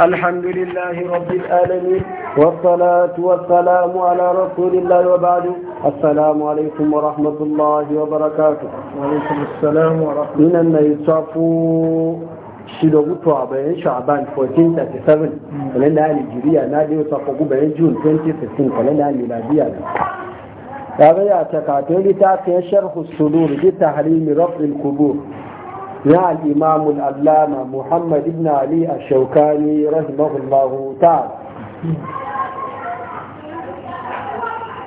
الحمد لله رب العالمين والصلاة والسلام على رسول الله وبعد السلام عليكم ورحمة الله وبركاته وعليكم السلام ورحمة الله bayan sha'ban 1437 kalenda ya nigeria na da yasa kogu bayan june 2015 kalenda ya miladiya ne ta zai a takatun littafin sharhu sudur bi tahrimi rafin kubur يا الإمام الألامة محمد بن علي الشوكاني رحمه الله تعالى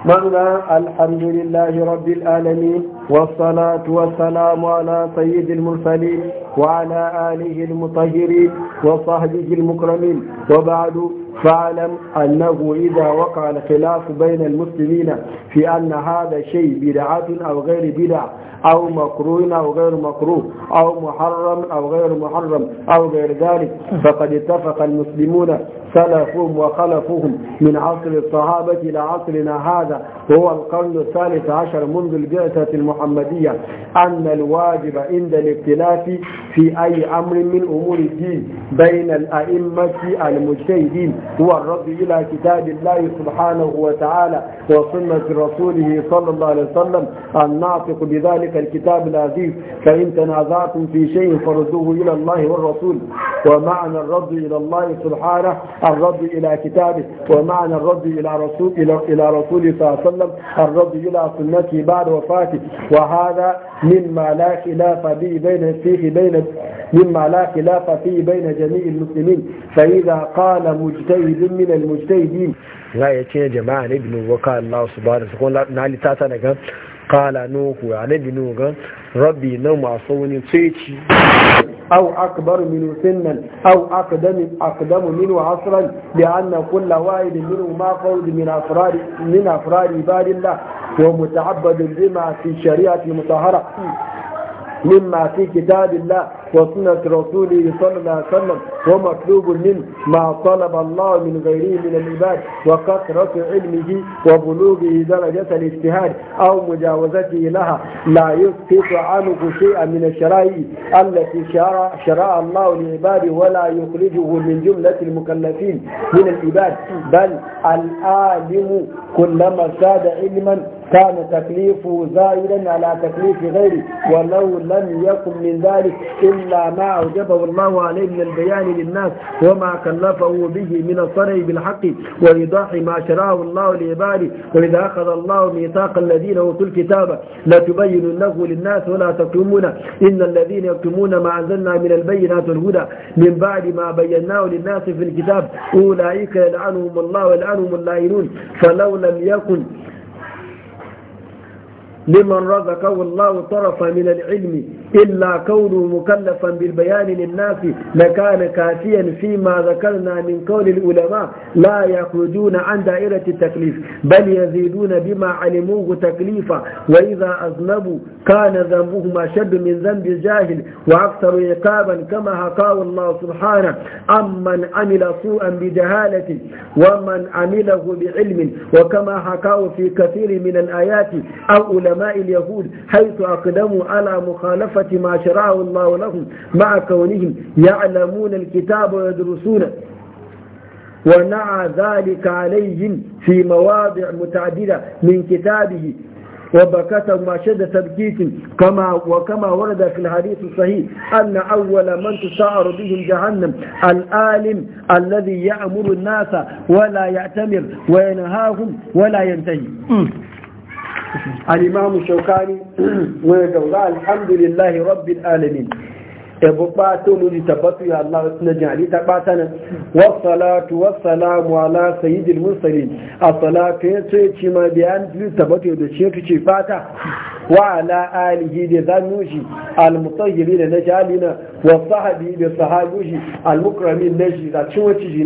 منا الحمد لله رب العالمين والصلاة والسلام على سيد المرسلين وعلى آله المطهرين وصحبه المكرمين وبعد فاعلم أنه إذا وقع الخلاف بين المسلمين في أن هذا شيء بدعة أو غير بدعة أو مكروه أو غير مكروه أو محرم أو غير محرم أو غير ذلك فقد اتفق المسلمون سلفهم وخلفهم من عصر الصحابة إلى عصرنا هذا وهو القرن الثالث عشر منذ البعثة المحمدية أن الواجب عند الاختلاف في أي أمر من أمور الدين بين الأئمة المجتهدين هو الرد إلى كتاب الله سبحانه وتعالى وسنة رسوله صلى الله عليه وسلم أن نعتق بذلك ذلك الكتاب العزيز فإن تنازعتم في شيء فردوه إلى الله والرسول ومعنى الرد إلى الله سبحانه الرد إلى كتابه ومعنى الرد إلى رسول إلى إلى رسوله صلى الله عليه وسلم الرد إلى سنته بعد وفاته وهذا مما لا خلاف به بين فيه بين مما لا خلاف فيه بين جميع المسلمين فإذا قال مجتهد من المجتهدين لا يتين جماعة ابن وقال الله سبحانه وتعالى نالي تاتا kala nuhu ya nabi nuga rabbi na masu wani ceci au akbar minu sinnan au akadamin akadamu minu hasran bi anna kulla wa'id minu ma qawli min afrari min afrari ibadillah wa muta'abbadun bima fi shari'ati mutahhara مما في كتاب الله وسنة رسوله صلى الله عليه وسلم ومطلوب منه ما طلب الله من غيره من العباد وكثرة علمه وبلوغه درجة الاجتهاد أو مجاوزته لها لا يسقط عنه شيئا من الشرائع التي شرع, شرع الله لعباده ولا يخرجه من جملة المكلفين من العباد بل العالم كلما زاد علما كان تكليفه زائلا على تكليف غيره ولو لم يكن من ذلك إلا ما أوجبه الله عليه من البيان للناس وما كلفه به من الصنع بالحق وإيضاح ما شرعه الله لعباده وإذا أخذ الله ميثاق الذين أوتوا الكتاب لا له للناس ولا تكتمون إن الذين يكتمون ما أنزلنا من البينات الهدى من بعد ما بيناه للناس في الكتاب أولئك يلعنهم الله ويلعنهم اللائنون فلو لم يكن لمن رزقه الله طرفا من العلم إلا كونه مكلفا بالبيان للناس لكان كافيا فيما ذكرنا من قول العلماء لا يخرجون عن دائرة التكليف بل يزيدون بما علموه تكليفا وإذا أذنبوا كان ذنبهم أشد من ذنب الجاهل وأكثر عقابا كما حكاه الله سبحانه أمن عمل سوءا بجهالة ومن عمله بعلم وكما حكاه في كثير من الآيات أو علماء اليهود حيث أقدموا على مخالفة ما شرعه الله لهم مع كونهم يعلمون الكتاب ويدرسونه ونعى ذلك عليهم في مواضع متعددة من كتابه وبكته ما شد تبكيت كما وكما ورد في الحديث الصحيح أن أول من تسعر بهم جهنم الآلم الذي يأمر الناس ولا يأتمر وينهاهم ولا ينتهي alimamu shaukani wani gaura alhamdulillahi rabbi alamin ebo ɓato mu ji tabbatu ya Allah na jihari ta ɓata nan wasalatu wasalamu ala sayyidil mursalin a salatu ya ce ci ma biyan ji tabbatu da ce tu ce fata wa ala alihi da zanu shi almutahhiri da najali Alina, wa sahabi da sahabu shi almukramin na shi da cin wacce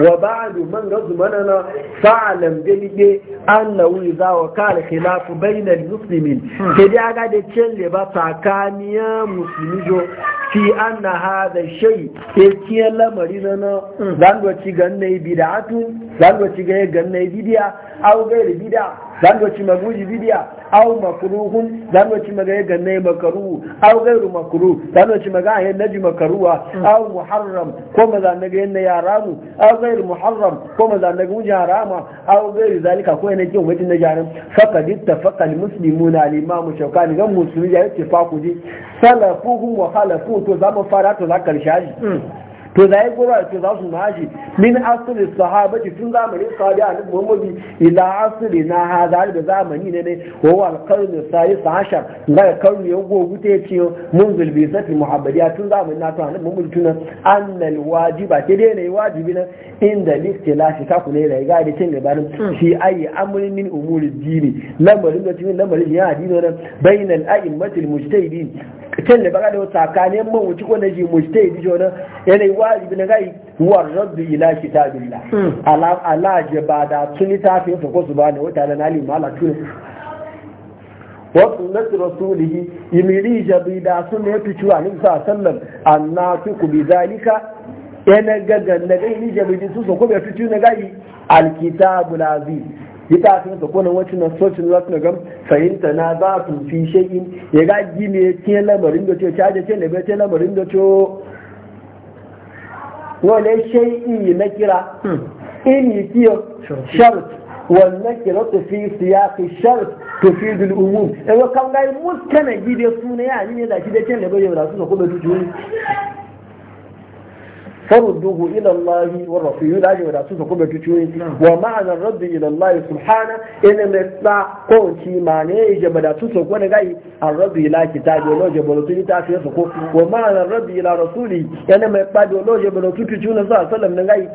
wa ba'du man gazu manana fa'alam bilige annahu idza wa kala khilafu bayna al-muslimin kedi hmm. aga de celle ba tsakaniya muslimi fi anna hadha shay e yake lamari nana dan hmm. do ci ganne bid'atu dan do ci ganne bid'a au gairi bid'a zangoci maguji bidiya au makruhun zangoci maga ya ganna makaru au gairu makru zangoci maga ya naji makaruwa au muharram ko maza na ga yanna yaramu au gairu muharram ko maza na guji harama au gairu zalika ko yana kin wajin na jarin faqad ittafaqa al muslimuna al imam shaukani ga musulmi ya ittifaqu ji salafuhum wa khalafu to zamu fara to zakar shaji hmm. to ya gura ce za su maji min asiri ce tun zamanin sahabi a nufin muhammadu ila asiri na ha zai da zamani ne ne wa wal karni sai sahashar ya karni ya gogu ta ce mun zulbi muhabbadi a tun zamanin na tunanin nabi tunan tun annal wajiba ke dai yi wajibi na inda listilashi ta kula da ga da cin gabanin hmm. shi ayi amurin min umuri dini lamarin da cikin lamarin ya dino nan bainal mujtai mujtahidin kan da baka da kanin mawuci ko na ji mujtahidi jona yanayi wajibi na gai war raddu ila kitabillah hmm. ala ala da tuni ta fi su ko subhanahu wa ta'ala na limu ala tuni wa sunnatu rasulih imiri jabida sunna ya fitu a nisa sallam ku bi zalika ene gaga na gai ni jabidi su ko bai fitu na gai alkitabul lazi ita sun ta kona wacin na sochin lati na gam fahimta na za su fi shayin ya ga gine ke lamarin da ce caje ce ne bai ce lamarin da ce wale shay na kira hmm. in fiye shart wannan kira tafi siyasi shart tafi da umum ewa kan gai mutane gide su ne ya ne da shi da ken da bayyana su da kuma tutu فرده إلى الله والرسول لا يوجد أسوس كم تشوين ومعنى الرد إلى الله سبحانه إن مطلع كون شيء معنى يجب أن أسوس كون غاي الرد إلى كتاب الله جب رسولي تأخير سكو ومعنى الرد إلى رسولي إن مطلع ولو جب رسولي تشوين صلى الله عليه وسلم غاي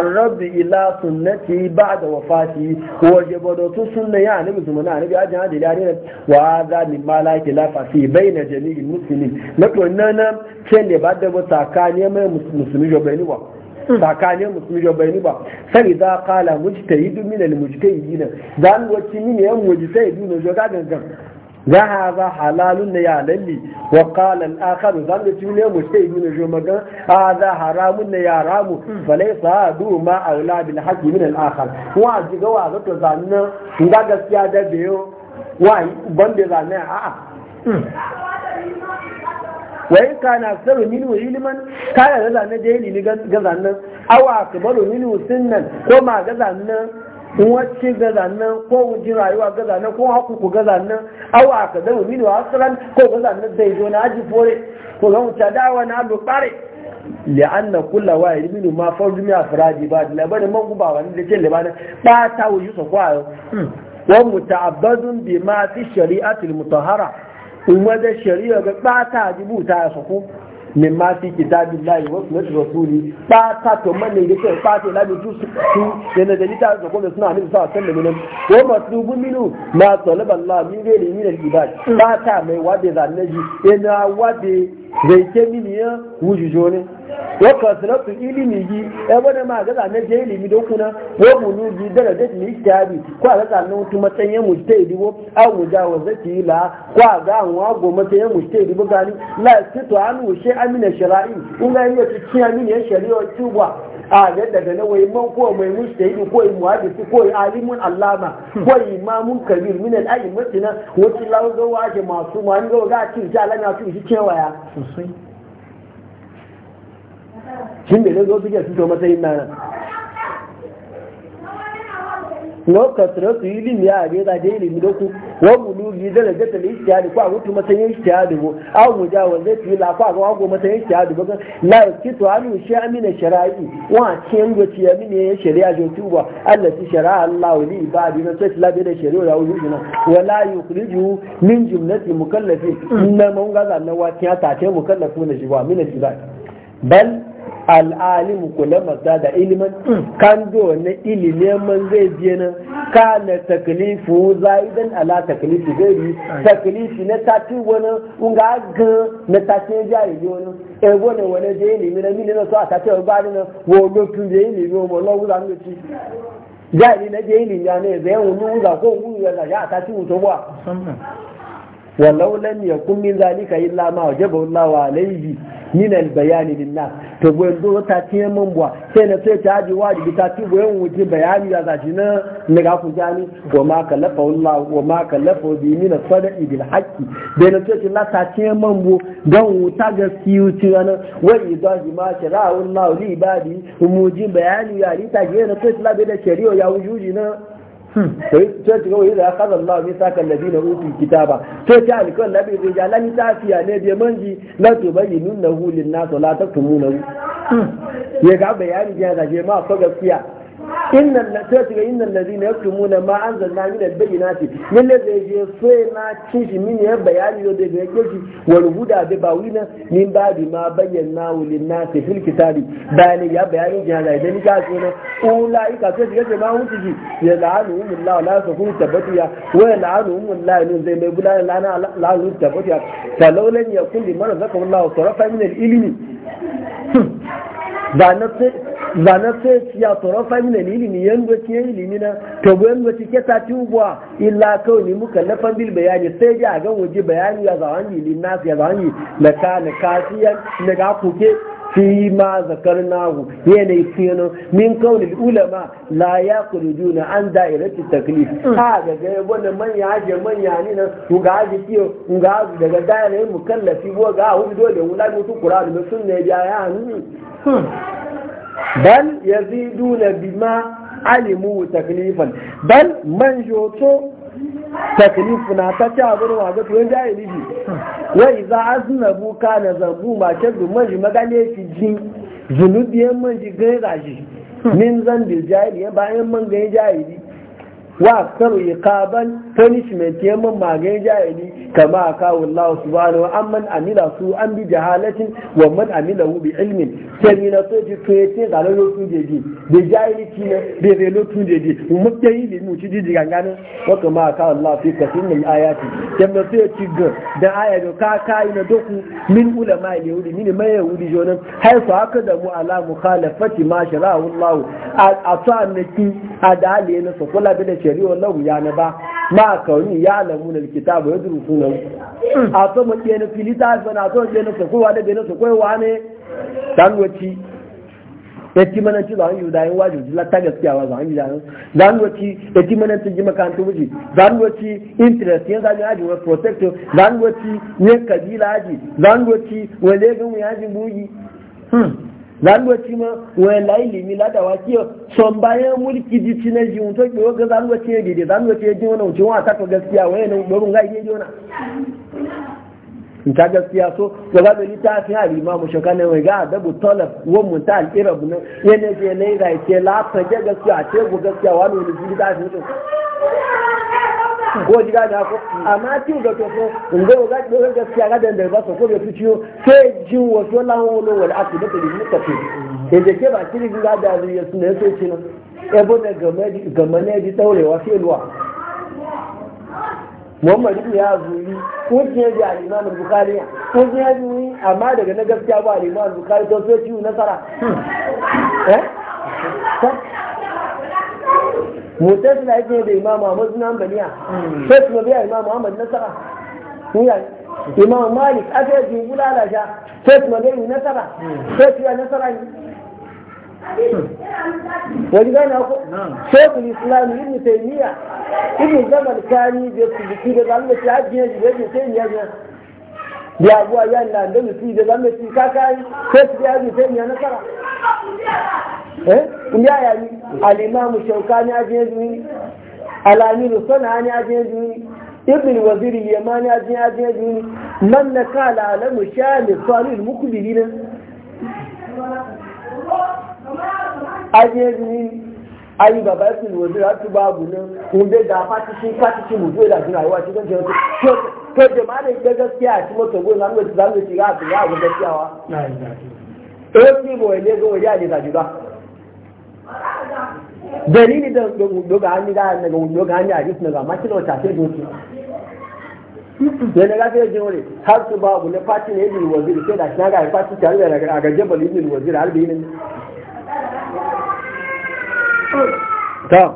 الرد إلى سنته بعد وفاته وجب رسول سنة يعني بزمنا نبي أجل هذه الأرينة وهذا مما لا خلاف فيه بين جميع المسلمين لكن أننا كان يبدأ بتاكاني من المسلمين bai ni ba tsakanin musulmi da bai ni ba sai za kala mujtahidu min al mujtahidin dan wacce min yan mujtahidu ne jo ga gangan za ha za halalun ne ya lalli wa kala al akhar dan wacce min yan mujtahidu ne jo magan a za haramun ne ya ramu falaysa du ma aula bil haqqi min al akhar wa ji ga wa ga to zanna ga gaskiya da biyo wa ban da zanna a'a Wai ka wayin kana saru minu iliman kana da zane da ilimi ga nan? awa kabaru minu sunnan ko ma ga zannan wacce ga nan, ko wuji rayuwa ga nan, ko hakuku ga nan. awa ka zama minu asiran ko ga nan zai zo na aji fore ko ga wuce dawa na abu bare li'anna kulla wa ilminu ma fardu mi afradi ba da labarin man guba wani da ke labarin ba ta wuji sa kwayo hmm. wa muta'abbadun bi ma fi shari'atil mutahhara umar da shari'a ga ɓata rubuta ya sako min ma fi kitabi lahi wasu na rasuli ɓata to manne da ke ɓata labi tu su yana da lita da kuma suna hannun sa san da minan ko masu bu minu ma talaba Allah min gairi min al-ibad ɓata mai wade zannaji yana wade zai ke miliyan wujujo ne wa su ilimi gi ya bada ma ga zane je ilimi da kuna wa bulugi daraja ni kitabi ko ga zane mutum matsayin mujtahidi ko a mujawazati la ko ga an wa go matsayin mujtahidi ba gani la sito an wushe amina shara'i kun ga yau ci amina shari'a tuba a yadda da na wai man ko mai mujtahid ko muhaddis ko alimun allama ko imamun kabir min al a'immati na wacin lawo zo wa ke masu ma ni ga ci ta lana su shi cewa sosai shin me ne zo ke su to matsayin nan wa kasratu ilimi ya ne da ilimi da ku wa bulugi da da ta ishtihadi ko a mutu masayin ishtihadi ko a muja wa zai fi la ko a ga go masayin ishtihadi ba la kitu alu shi amina shara'i wa cin go ci amina ya shari'a jo tuba Allah ti shari'a Allah wani li ibadi na sai la da shari'a da wuju na wa la yukhriju min jumlati mukallafi inna mun ga na wa ta ta mukallafuna shi ba Amina shi ibad bal al'alimu kula mazda da ilimin kan na ilimin man zai biya nan ka na taklifu idan ala taklifu gari taklifi na tafi wani unga ga na tafi jari ne wani ego ne wani je ilimin na mini na so a tafi ba ni na wo lokun je ilimi o mo lo wuza ni ci jari na je ilimi ya ne zai wuni wuza ko wuza ya ya tafi wuto ba walau lam yakun min zalika illa ma wajaba Allah alayhi min albayan linnas to bo do ta tiyan mun bwa sai na sai ta ji wajibi ta ti bo yan wuce bayani ya zaji na ne ga ku jani wa ma kallafa Allah wa ma kallafa bi min sadaqi bil haqqi da na sai la ta tiyan mun bo dan wuta ga siyu ci ran wa idahi ma shara Allah li ibadi mu ji bayani ya ri ta ge na sai la be da shari'a ya wujuji na Hmm. sai ci kawai da kaza Allah ne saka ladina utul kitaba sai ta alkan nabi zai ja lani tafiya ne bi manji bari nuna lahu lin nas la taktumuna hmm. ya ga bayani ya da ma fa gaskiya inna sai su ga inna ladina yaktumuna ma anzalna min al-bayyinati min zai je sai na ci shi min ya bayani yo da yake shi wal huda da wina? min ba badi ma bayyana wuli na lin nasi fil kitabi bani ya bayani jina da ni ga tsona ulai ka sai ga ma mutu ji ya la'anu billahi la tabbatu ya? wa la'anu billahi ne zai mai bulala lana la'anu tabatiya falawlan yakun liman zakawallahu tarafa min al-ilmi da hm. na sai zane sai ya fami na lili ni yan gwaci ya ilimi na to bu gwaci ke ta ci ubuwa illa kawai ne muka na fambil bayani sai dai a gan waje bayani ya zawon yi lina ya zawon yi na ka na kasiyan na ga kuke fi ma zakarnahu yanayi fiyanin min kawai ulama la ya juna an ci taklif mm. ha gaya wannan manya ajiyar manya ne nan ku ga haje kiyo ku ga haje daga da'irai mukallafi ko ga hudu dole wula mutu kura sun ne ya yi hannu hmm. bal yaziduna bima alimu taklifan bal man joto taklifuna ta ci abin wa ga tuwon a bi wa iza aznabu kana zambu ma ke zuman ji magale fi ji zunubiyan man ji gaira ji min zan bil jahili bayan man gaira jahili wa karu kaban punishment yamman maganin jahili kama kawo Allah subhanahu wa amman amila su an bi jahalatin wa man amila bi ilmin sai na so ji ce ga lalo tun jeji da jahili ki na da relo tun jeji mu muke yi mu ci jiji gangana wa kama kawo Allah fi kasin min ayati sai na so ci ga da aya da ka kai na doku min ulama ne wuri min mai wuri jonan har su haka da mu ala mukhalafati ma shara'u Allah a sa adale na sokola bi da shari'a lahu ya na ba ma kauni ya lamu na likita ba ya zuru suna sunan a to mu ke na filita ba na to ke na ko wa da be na ko wa ne dan wati yati mana ci zan yi dayin wajibi la ta gaskiya wa zan yi dayin zan wati yati mana ci jima makarantu wuji zan wati interest yan zan yaji wa protector zan wati ne kabila aji zan wati wale ga mu yaji buyi zanwaci ma wani layi limi ladawa kiyo son bayan mulki ji ci na ji mutu ke waga zanwaci ya dede zanwaci ya ji wani wuce wa taka gaskiya wani nan gwarin ga iya jona ta gaskiya so ga ba da lita fi hari ma mu shaka ne ga adabu talab wa mun ta al'irab ne yana je ne ga ke la ta gaskiya ce go gaskiya wani wani ta da shi ko jiga da ko amma ti da to ko ngo ga do ga gaskiya ga dan ba so ko da tuciyo sai ji wato lawo lo wal asu da kuli muka ce da da ke ba ni ga da ya suna ya so ce na e bo da gamadi gamane ji wa? sai luwa Muhammad ibn ya zuri ko je ji al-Imam al-Bukhari ko je ya zuri amma daga na gaskiya ba al-Imam al-Bukhari to sai ciwo nasara eh mutas na yake da imam Ahmad suna ambaliya sai kuma biya imam Ahmad nasara ya imam Malik aka yi bulala ja sai kuma biya nasara sai kuma nasara ne wani gane ko shekul islam ibn taymiya ibn zamal kani da su biki da zalunci hajji ne da yake sai ya da abuwa yan na da mutu da zama ci kaka yi sai su biya zuwa ya nasara eh ya yayi al-imamu shaukani ajin zuni al-aminu sanani ajin zuni ibn waziri yamani ajin ajin zuni man na kala alamu shani salil mukbilina ajin zuni ayi baba ẹsìn ìwò ìdíra tó bá gùn ní òun dé da pátítí pátítí mú fún ìdàgbìn àríwá tí wọ́n jẹ́ ọtí kéde máa lè gbẹ́gẹ́ sí àti mọ́tò gbé lánàá ti lánàá ti rá àbúrá àwọn ọmọdé sí àwa. ó sì mọ̀ ẹ̀ lẹ́gbẹ̀ẹ́ òye àdìgbà jùlọ. bẹ̀rẹ̀ ní dọ̀gbọ̀gbọ̀gbọ̀ àmì dáadáa gbọ̀gbọ̀gbọ̀ àmì àdìsínàgbà má ti lọ ṣàṣẹ́gun sí. yana gafe jin wuri har su ba wani fati ne na ga fati tare da a gajen pati ta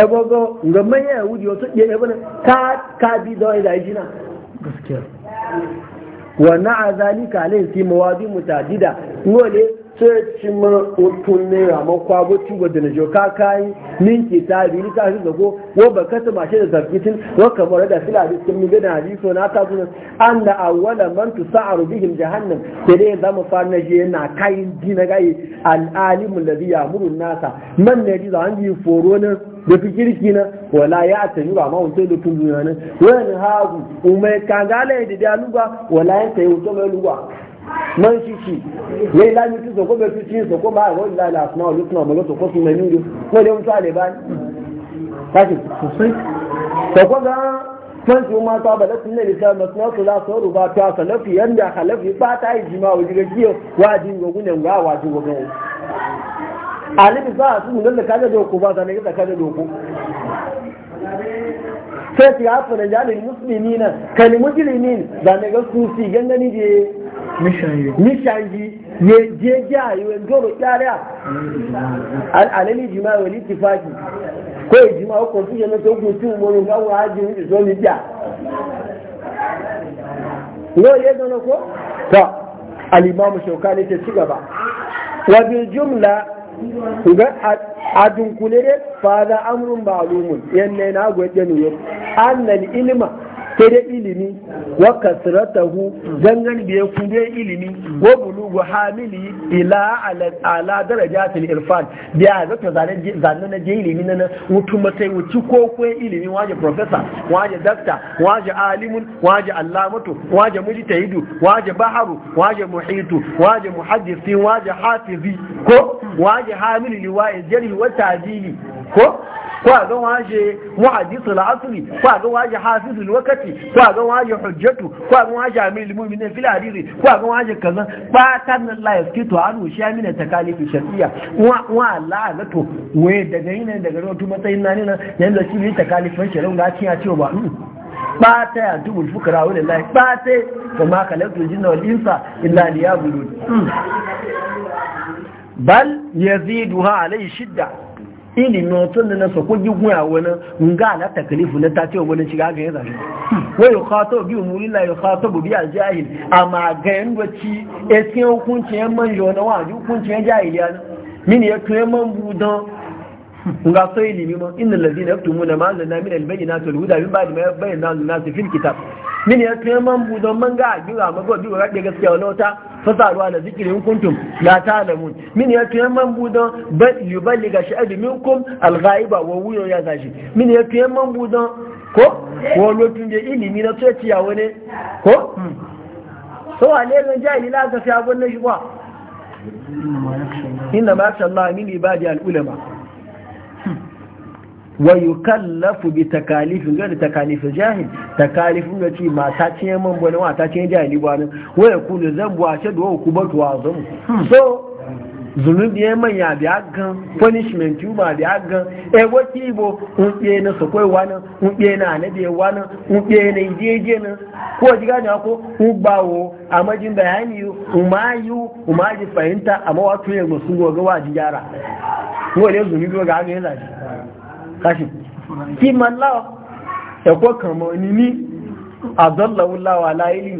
ebogo ga mai ya wuce wasu ɗaya ebogo ka ka bi da wani daji na gaskiya alai si mawadi mutadida ngole sai ci ma otun naira makwa wacce wadda na joka kayi ninki ta biyu ta shi zago wa ba kasa mashi da zargitin wa kamar da sila da cikin miga da hadiso na ta suna. an da awwala man tu sa'aru bihim jahannam sai dai zama fara na je na kayin dina gaye al'alimu ladhi ya'muru nasa man ne ji zan yi foro na da fikirki na wala ya atayu ba ma wancan da tun duniya nan wani hagu umai kangala ya da luga wala ya tayi wancan mai luga man ci, ya yi lami tu soko bai tuci soko ba a wani lalata kuma wani suna maga soko sun mai nilo ko dai mutu alibani kashi sosai soko ga san su ma ta bala sun nari sai masu nasu za su ruba ta salafi yanda halafi ba ta yi jima wa jirgin giyo wajin gogunan ga wajin gogunan alibi bi a su mu da kaga doko ba zane ga kaga doko sai su yi hafi na jalin musulmi na kalimujilimin zane ga su si gangani je nishanji ye je jiya yi wani doro tsariya alali jima wani tifaki ko yi jima ko su yana so kun tun mori ga wa haji wani so ni jiya no ye dono ko ta alimamu shaukani ta ci gaba wa bil jumla ga a dunkulere fa da amrun ma'lumun yanne na gwaje ne annal ilima. sai dai ilimi wa kasratahu dangan biye ku dai ilimi wa bulugu hamili ila ala darajatil irfan biya ga to zane zane na je ilimi na mutuma sai wuci ko ko ilimi waje professor waje doctor waje alimun waje allamatu waje mujtahidu waje baharu waje muhitu waje muhaddisi waje hafizi ko waje hamili liwa'i jarhi wa tajili ko ko a ga waje muhaddisul asli ko a ga waje hafizul wakati ko a ga waje hujjatu ko a ga waje amilul mu'minin fil hadisi ko a ga waje kaza ba ta nan la yaskitu an wushiya amina takalifi shar'iyya wa wa la la to we daga ina daga rotu matsayin nan nan yanzu shi ne takalifin shari'a ga ciya cewa ba hmm. ba ta ya tubul fukara wa lillahi ba ta wa ma khalaqtul jinna wal insa illa liya'budun hmm. bal yaziduha alai shidda ilimin otun da na sako gigun a wani nga ala takalifu na ta cewa wani shiga ga ya zafi wai kato bi umurila ya kato bu bi aljahil amma ga yan wacce ya cikin hukuncin yan manjo na wajen hukuncin yan jahiliya mini ya tuye man budan nga so limi mun inna allazina yaktumuna ma anzalna min albayyinati wal huda min ba'di ma bayyana lin-nas fil kitab min ya tuya man bu man ga jira ma go jira ga gaskiya lota fa fasaruwa da zikirin in kuntum la ta'lamun min ya tuya man bu bal yuballiga sha'ib minkum al wa wuyo ya zashi min ya tuya man bu ko wo lotun je ilimi na so ya wani ko hmm. so ale ran jahili la ga fi abun na shi ba inna ma sha Allah min ibadi al-ulama wa بتكاليف غير تكاليف الجاهل تكاليف التي jahil takalifin من بني mata ce جاهل بني ويكون ذنب واشد ba ne wa a da wa wa so zunubi ya manya biya gan punishment yu ba biya gan e wati unɓe na sokoi wani unɓe na anabe wani unɓe na na ko ji gani ako ugbawo a majin bayani umayu umaji fahimta amma wato ya musu goga wa ji gyara ko ne zunubi ga haka ya kashi kí ma láwọ́ ẹ̀kọ́ kan mọ̀ ní ní àzọ́lọ́wọ́láwà láìlì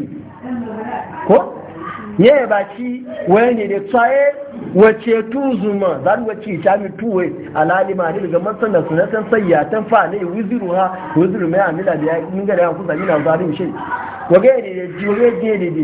kó yẹ́ ẹ̀bà tí wọ́n ne da tsaye wace tuzuma za ni wace ta mi tuwe alalima ne daga matsan da sunatan sayyatan fa ne wiziru ha wiziru mai amila da ya ingara ya kusa mina zarin shi wage ne da ji wage ne da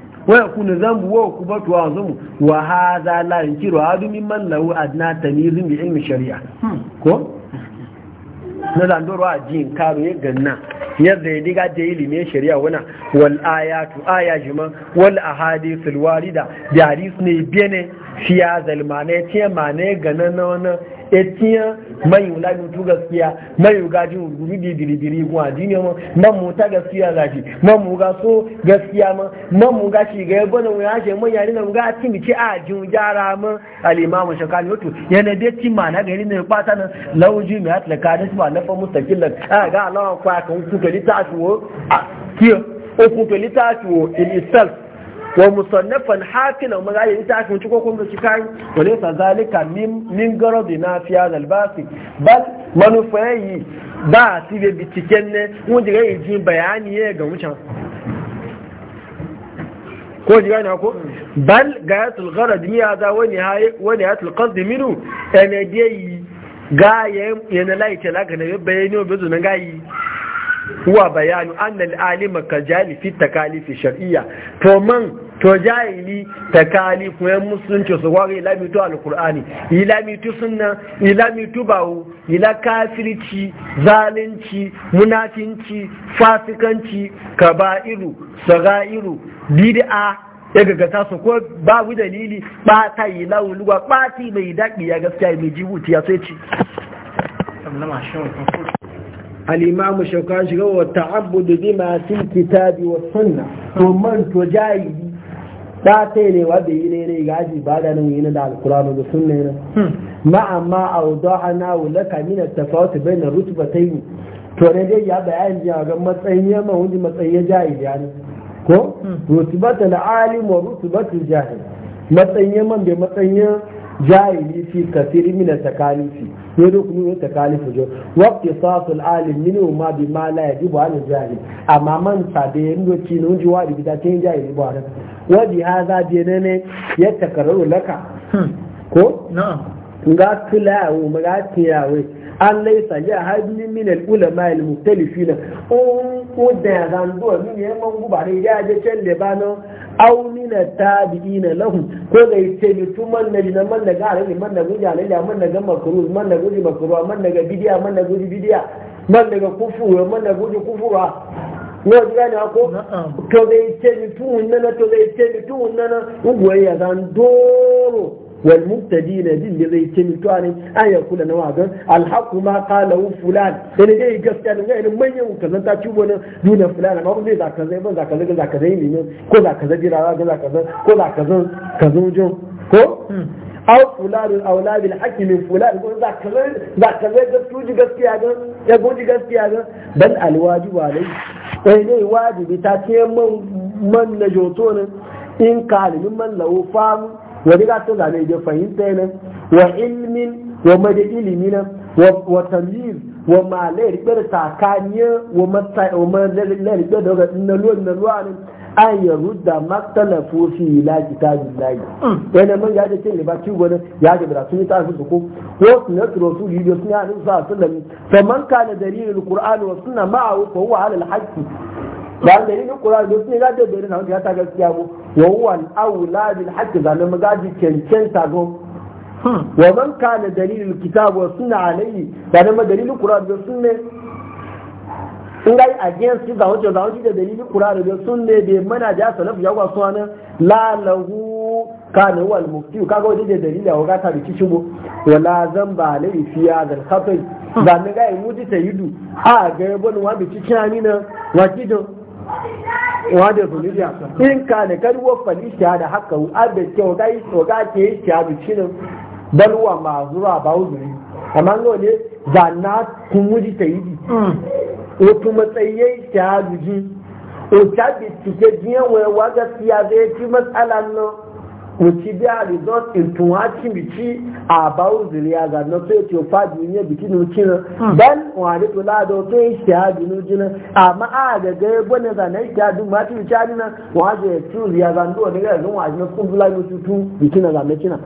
waya kuna zambu wa kuma tuwazo mu wa ha za layin a dumi man na tamirin da ilmi shari'a hmm. ko na zandoro a jin Karu ya ganna yadda ya diga da ilimin shari'a wana wal aya tu aya wal a hadi silwari da jari su ne fiya zalmane ce mane gana na wani etiyan mai wula mutu gaskiya mai gaji guri bibiri biri ko addini ma man mu ta gaskiya gashi man mu ga so gaskiya ma man mu ga shi ga yabo nan ya ce mun yari mu ga mi ci a jin jara ma alimamu imam shakani wato yana da ci mana gari ne ba ta nan lauji mai ka da ba fa mustaqilla a ga Allah kwa kan ku ta litafi wo a kiyo o ku ta litafi wo in itself wa musannafan hakila ma ga yi takin ci ko kun da cikai wale sa zalika min min garadi na fi hada albasi bal manufai ba ti be bitiken ne mun diga yi jin bayani ya ga wucin ko diga na ko bal gayatul gharad mi hada wa nihayat wa nihayatul qasd minu ana dai ga yayin yana laita laka ne bayani obezo na gayi wa bayanu annal alima ka jali fi takalifi shar'iyya to man to jahili takalif ya musulunci su wari ilami to alkur'ani ilami to sunna ilami to bawo ila kafirci zalunci munafinci fasikanci kaba'iru saga'iru bid'a ya gagata su ko babu dalili bata yi lawun bati mai daɗi ya gaskiya mai jibuti ya sai ci الإمام الشوكاني هو التعبد بما في الكتاب والسنة ومن تجاي تاتيني وبينيني غاجي بعد أن ينادى القرآن والسنة مع ما أوضعنا ولك من التفاوت بين الرتبتين to ne dai ya bayani ya ga matsayin yamma wani matsayin jahil ya ne ko rutubata na alim wa rutubata jahil matsayin yamma bai matsayin jahili fi kasiri min takalifi ne rukuni ne takalifi jo waqti sasul alim minhu ma bi ma la yajibu ala jahil amma man sabe yin doki ne unji wadi bida tin jahili ba ran wadi hadha bi ne ne ya takarru laka ko Nga na'am ga tulawo ga tiyawe an laisa ya hajji min al'ulama al-mukhtalifi na o da zan do min ya man gubare ya je can da ba no ta bi tabi'ina lahum ko da yace mutum man na na, man na gare man na guji lalle man na gama kuruz man na guji makruwa man na ga bidiya man na guji bidiya man na ga kufu man na guji kufuwa ne ji gane ko to da yace mutum nan to da yace mutum nan ugwaye ya zan doro والمبتدين دين الذي تمتواني أن يقول أنا واحد الحق ما قاله فلان إن جاي قصة أنا غير من يوم كذا تشوفون دون فلان أنا هو ذا كذا يبون ذا كذا ذا كذا يمين كذا كذا جرا كذا كذا كذا كذا كذا جو كو أو فلان الأولاد الحق من فلان يقول ذا كذا ذا كذا قصة وجي قصة يا جن يا جوجي قصة يا بل الواجب عليه إن واجب تاتي من من نجوتون إن قال من من لو فهم wani ga to zane da fahimta ne wa ilmin wa mada ilimi na wa tamyiz wa ma la da takaniya wa mata wa ma la da ga na luwan na luwan an ya rudda maktalafu fi ila kitabin lahi mm. yana man ya ce ne ba ci gwanin ya ga da sun yi yi da yi ba da ni kura da sai ga da dare na ya ta gaskiya ko wa huwa al-awla bil haqq da mun go hmm. wa man kana dalilul kitab wa sunna alayhi da nan dalilul da sunne in ga against da wato da wato da dalilul qur'an da sunne da mana da salaf ya la lahu kana wal mufti kaga wato da dalila wa gata da kishibo zamba alayhi fi hadha al hmm. da nan ga yi mutu yudu a ga yabon wa bi cikin amina wa kidan wa da zunubiya in ka da karuwar falisha da haka abin kyau ga ga ke yi kyau cinin dalwa ma zuwa ba uzuri amma ga ne za na kun wuji ta yi wato matsayi kyau ji o ta bi cike jiyan wayewa gaskiya zai ci matsala nan muci biya result in tuwaci bici a bawu zuriya ga na so yake fadi ne biki ne muci na dan wani tula da wato yin shahadu ne jina amma a ga ga yabo ne za na yi shahadu ma ci bici na waje ya ci zuriya ga ndo ne ga zan waje na kun bula ne tutu biki na za na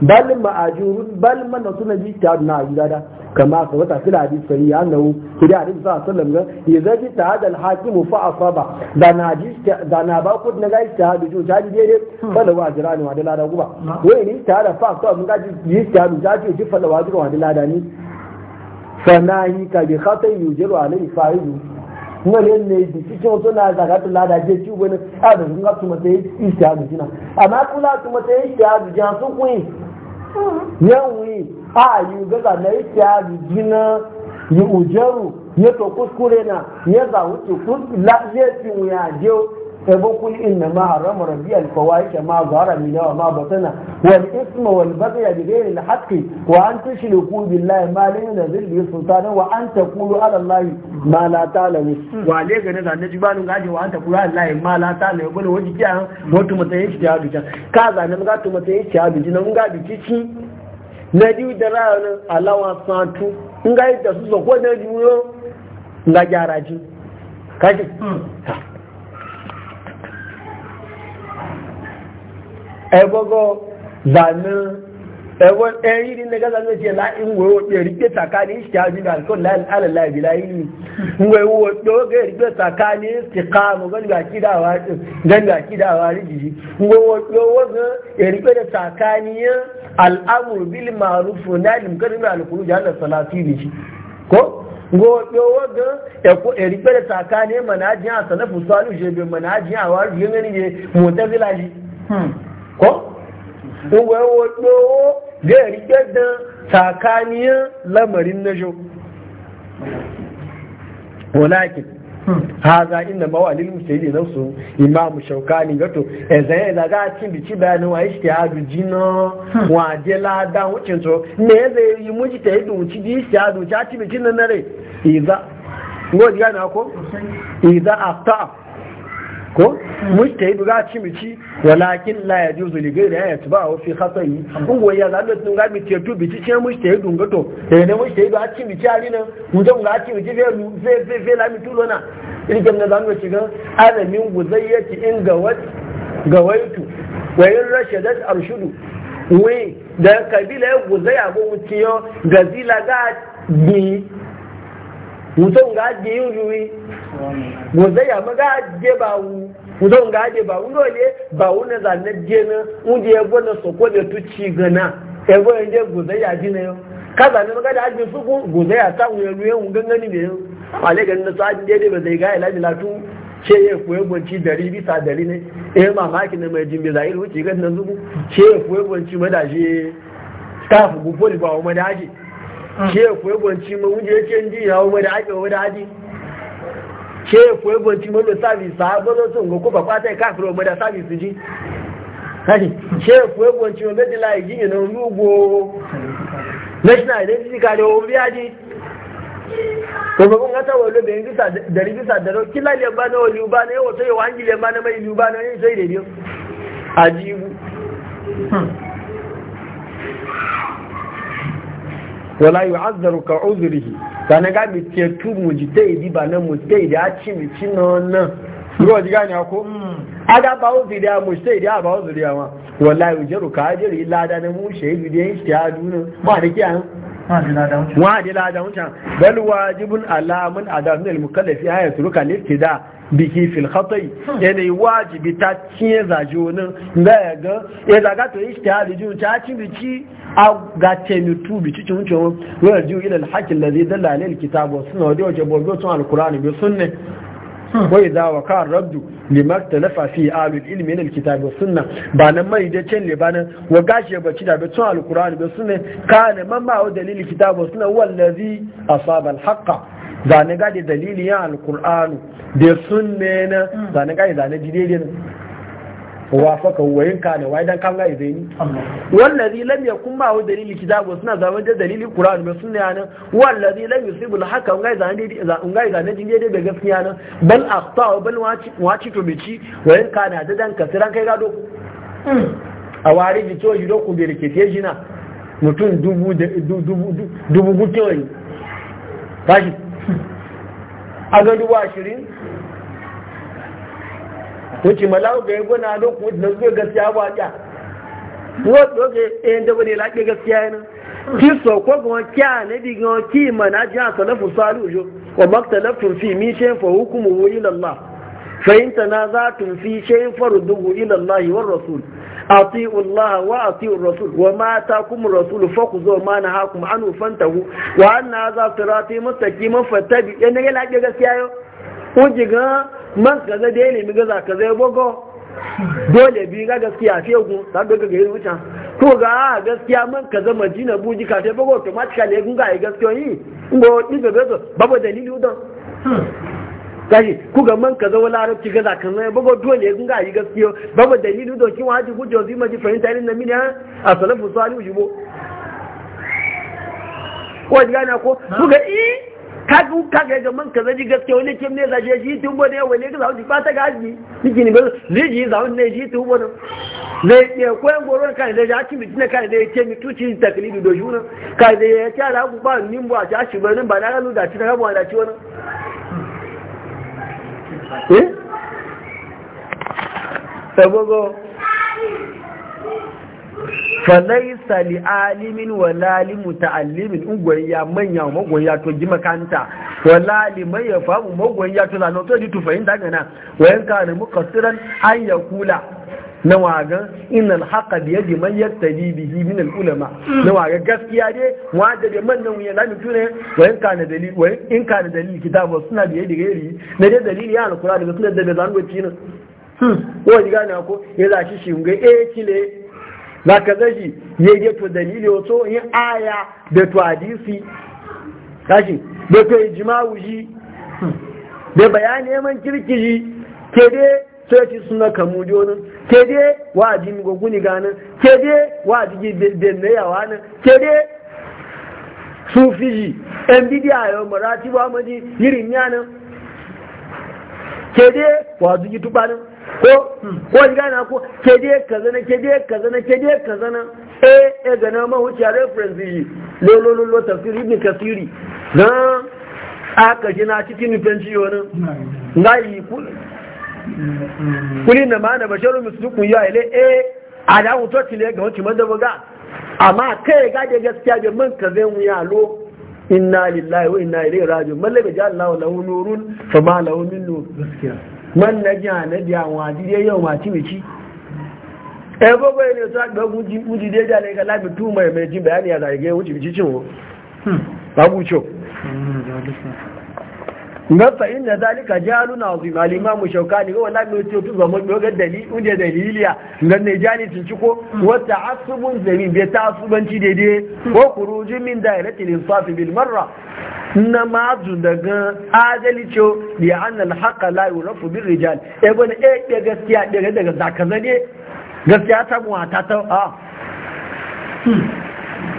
bal ma'ajurun bal man suna ji ta na gidada kama ka wata fil hadis sai ya nawo da hadis sa sallam ga ya zaji ta hadal hakimu fa asaba da na ji da na ba ku na gaji ta hadu ju ta ji dai dai fala wa jirani wa dalada guba wai ni ta da fa to mun gaji ji ta hadu ta ji fala wa jirani wa dalada ni fa fanahi ka bi khatai yujiru alai fa'idu kuma ne ne da cikin wasu na zakatun lada je ci wani a sun ga su mata yi ta hadu jina amma kula su mata yi ta hadu jina sun kun yanwi a yi gaza na da ya jina yi ujaru ya to kuskure na ya za wuce lafiya ya je ebo kul inna ma harrama rabbi al fawahisha ma zara minha wa ma batana wal isma wal baghy bi ghayri al haqqi wa an tushriku billahi ma lam yunzil bi sultana wa an taqulu ala allahi ma la ta'lamu wa le ga na ne jibanu je wa an taqulu ala allahi ma la ta'lamu bane waji kiya wato mutaye shi ta duka ka ne ga to mutaye shi ta duka nan ga bici na biyu da ranar alawa santu in ga yadda su sako na biyu na gyara ji ebogo zanen ebon ɗan yi ne ga zanen ce la'in wai wo ɗe rike tsakanin shi ta jina alkon la'in alalai bi la'in ne wai wo ɗo ga rike na limkarin alkuru jihar salatu ko uwe wato ga rike da tsakaniyar lamarin na jo walakin hmm. haza inda mawalil musaidi na su imamu shaukani gato ezaye daga a cin bici bayanin wa iske hadu jina hmm. wa je lada wucin so ne ya zai yi muji ta yi duci ji iske hadu ci a cin bici na nare iza ngo diga na ko iza after ko mujtahidu ga ci mici walakin la juzu li ya tuba wa fi khata'i kun goyi ya da tun ga mi ce to bi ci ce yi dunga to eh ne mujtahidu a ci mici ari na mun ga ga ci mici fe lu fe fe fe la mi tulo na ilgam na zanwa ci ga alamin guzayyati in ga wat waitu wa in rashadat arshudu we da kabila ya guzaya go mutiyo gazila ga bi mutum e ga ajiye yin ruwi gozaya ma ga ajiye ba wu mutum ga ajiye ba wu dole ba wu na zane je na wunde ya gwana soko da ci gana ya gwana je gozaya ji na yau ka zane ma ga da ajiye su gozaya ta wuya ruwe wun gangani da yau ale ganin na sa'adin daidai ba zai ga ilaji tu ce ya kuwa gwanci dari bisa dari ne eh mamaki na mai jimbe zahiri wuce ga na zubu ce ya kuwa gwanci madaje staff gufo ba wa madaje Mm. ke kuwa gwanci ma wunje yake ndi ya wa da ake wa da aji ke kuwa ma service a gbọ́dọ̀ tó ngo ko papa te ka furo mo da service ji kaji ke kuwa ma mede la ji ni no lugo national identity card o bi adi? ko ba kun gata wa lo da rigisa da kila ba no li ba ne o to yo anji ma na mai li na sai ajibu hmm. wala azaru ka uzrihi kana ga mi ce tu mu ji tai di ba na mu tai da ci mi ci na na ruwa ji gani ko hmm. aga ba uzri da mu tai da ba uzri ma wala yujaru ka ajri lada na mu shi yi bidiyan shi shahadu duna ba da kiyan wa da ladan wuta bal wajibun alamun adamul mukallafi ya yatruka liftida biki filhatai yanayi wajibi ta cinye zaji wani da ya ga ya zaga to yi ta hali jiun ta cin biki a ga temitu biki cin wuce wani wani jiun ilal hakin da zai dalla alil kitabu suna wadda wace borgo sun alkurani bai sun ne. wai za wa kan rabdu limar talafa fi alul ilmi na alkitab wa sunna ba nan mai da can libanin wa gashi ya ci da bi tun alkurani bi sunne kana man ma wa dalil kitab wa sunna wallazi asaba alhaqa zane gadi dalili ya alkur'anu da sunne na zane gadi zane jidede wa wafaka wayin ka ne wai dan kan gai zai ni wallazi lam yakun ba wa dalili kitabu suna zaman da dalili qur'ani da sunna yana wallazi lam yusibul haqa ngai zan dai zan ngai zan din dai da gaskiya nan bal akhta bal waci to bici wayin ka na da dan kasiran kai gado hmm. a wari ji to yi ku bi rikete jina mutum dubu dubu dubu a ga dubu ashirin wuce malawu ga yago na don kuma da zuwa gaskiya ba ja wato ga ɗayan daba ne laƙe gaskiya yana fi so ko kuma kya na diga ki mana ji a salafu salu jo wa maktalaftun fi mi shayin fa hukumu lallah, fahimta na za tun fi shayin dubu ila Allah war rasul Ati Allah wa ati Rasul wa ma taqum Rasul fa ku fakhuzu ma nahakum fanta fantahu wa anna hadha sirati mustaqima fattabi yana ga lafiya gaskiya yo uji ga man ka da dai ne mi ga za ka zai gogo dole bi ga gaskiya fi ugu ta ga ga yi wuta to ga gaskiya man ka zama jina buji ka ta gogo automatically gun ga gaskiya yi ngo ni ga babu dalili udon kashi ku ga man ka zama larabci gaza kan nan bago dole kun ga yi gaskiyo babu dalilu don kin waji gujo zai maji fahimta irin nan mina a salafu salihu jibo ko ji gane ko ku ga i ka ku ka ga man ka zaji gaskiya wani kim ne zaje je ji tun bane wani ga zauni fata ga ji kike ne ba zai ji zaun ne ji tun bane ne ne ko en goron kan da ya kimi tun kan da ya mi tuci taklidu do juna kai da ya ta ku ba nimbo a ja shi ba nan ba na ga lu da ci ga ba da ci wannan Eh? sabogo falaisa sali alimin wala li muta'allimin ungwai ya manya magwai ya to ji makanta mai ya famu magwai ya to lanoto di tufayin daga na wayan ka muka siran an ya kula na wagan innal haka da yadda man yattabi bihi min al'ulama na wagan gaskiya ne wanda da man nan ya lami tune wa in kana dalil wa in kana dalil kitabu suna da yadda gari na dai dalili ya alkura da suna da zan wuce ne hmm. ko ji gane ko ya zashi shi ga eh kile zaka zashi ya yi to dalili wato in aya da to hadisi kashi da to ijma'u ji hmm. da bayani man kirkiji ke dai sai ci suna kamu kede wa ji goguni ganin kede wa ji denne yawa nan kede sufiji en bidiya yo marati wa maji yirin yanan kede wa ji tubanin ko hmm, ko ji gana ko kede kaza na kede kaza na kede kaza na eh eh gana ma huci reference yi lo lo lo lo tafsir ibn kasiri dan aka jina cikin nufanci yonin ngai kuli na ma na bashiru musulukun ya ile e a da wuto tile ga wuce madaba ga amma kai ga da gaskiya bai man ka zai wuya lo inna lillahi wa inna ilaihi raji'un man labi jalla lahu nurun fa ma lahu min nur gaskiya man na ji anabi an wadi dai yau ma ci mici E gogo ne to ga guji guji dai da ne ga labi tu mai mai jin bayani ya zage wuce mici cin babu cho ngafa da zalika jalu na azim al-imam shawkani ga wallahi mai tutu zaman ga dalili da daliliya ngan ne jani tun ciko wa ta'assubun zamin ta asubanci daidai ko jimin min dairati al-insaf bil marra na mazu daga adalicho ya anna al-haqq layu rafu bil rijal e gwani ya e, e gaskiya e, daga daga zakazane gaskiya ta mu ta ta a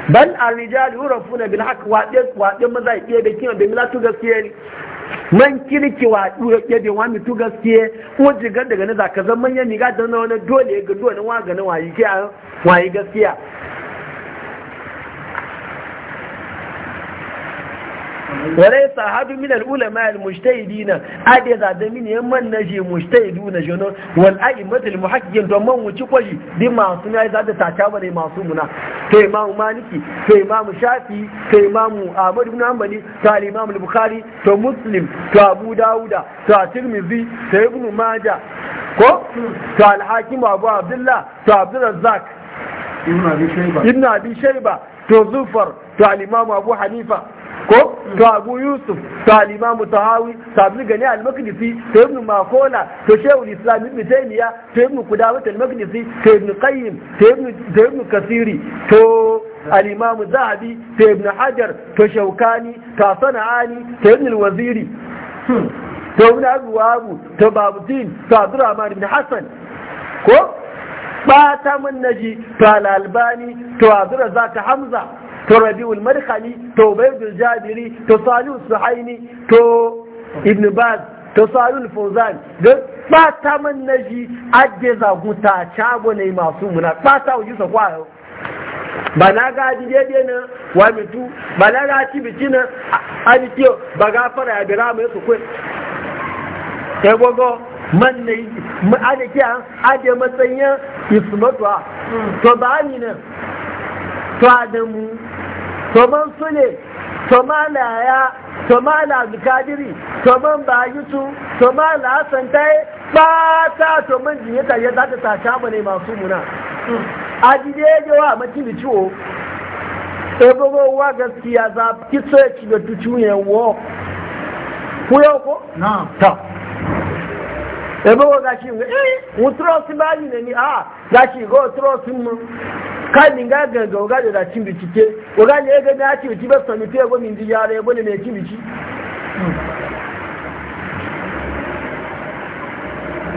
bal al-rijal yurafuna bil haqq wa wa maza iya da bi da milatu gaskiya ne man ki wa ya bi wani tu gaskiye ko jigar daga na zaka zan manyan ni ga dan wani dole ga dole wa ga na wayi kiya wayi gaskiya wale sa hadu min al'ulama al-mujtahidina ade za da min yamman na je mujtahidu na jono wal a'immatul muhaqqiqin don man wuci kwaji din masu ne za da tata bare masu muna Kai imamu maliki kai imamu shafi to imamu ahmad ibn hanbali to al-imam al-bukhari to muslim to abu dauda to at-tirmidhi to ibn majah ko to al-hakim abu abdullah to abdul razzaq ibn abi shayba ibn abi shayba to zufar to al-imam abu hanifa ko to abu yusuf to alimamu tahawi to abu gani al-makdisi to ibn makola to shehu islam ibn taymiya to ibn kudawat al-makdisi to ibn qayyim to ibn to kasiri to alimamu zahabi to ibn hajar to shaukani to sana'ani to ibn al to ibn abu wabu to babutin to abdurrahman ibn hasan ko ta mun naji to ta albani to ta hamza to rabi'ul madkhali to ubaydul jabiri to salih suhaini to ibn baz to salih fawzan duk fata man naji adde guta chago ne masu muna fata uji sa kwa ba na ga daidai na wa mitu ba na ga ci bici na abikiyo ba fara ya bira mai su kwai. ke gogo man na yi an ade matsayin ismatuwa mm. to ba ni ne to adamu toman sule mala ya to bukadiri toman bayitu tomala hasan taye bata toman jiyata ya za ta tasha mu ne masu muna a jiye wa mace da ciwo ebogo wa gaskiya za ki so ya da tuci ne wo ku yau ko na ta e shi gashi eh mu trust ba ni ne ni a ah, gashi go trust mu kadi nga gaga oga da cin bicike oga ne ga na ce ci ba sami te go min ji yare bone me ci bici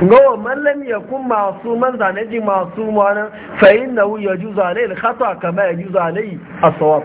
gawa mallam ya kun masu man zane ji masu wani fahim na wuya ju zane da kasa kama ya ju zane a sawab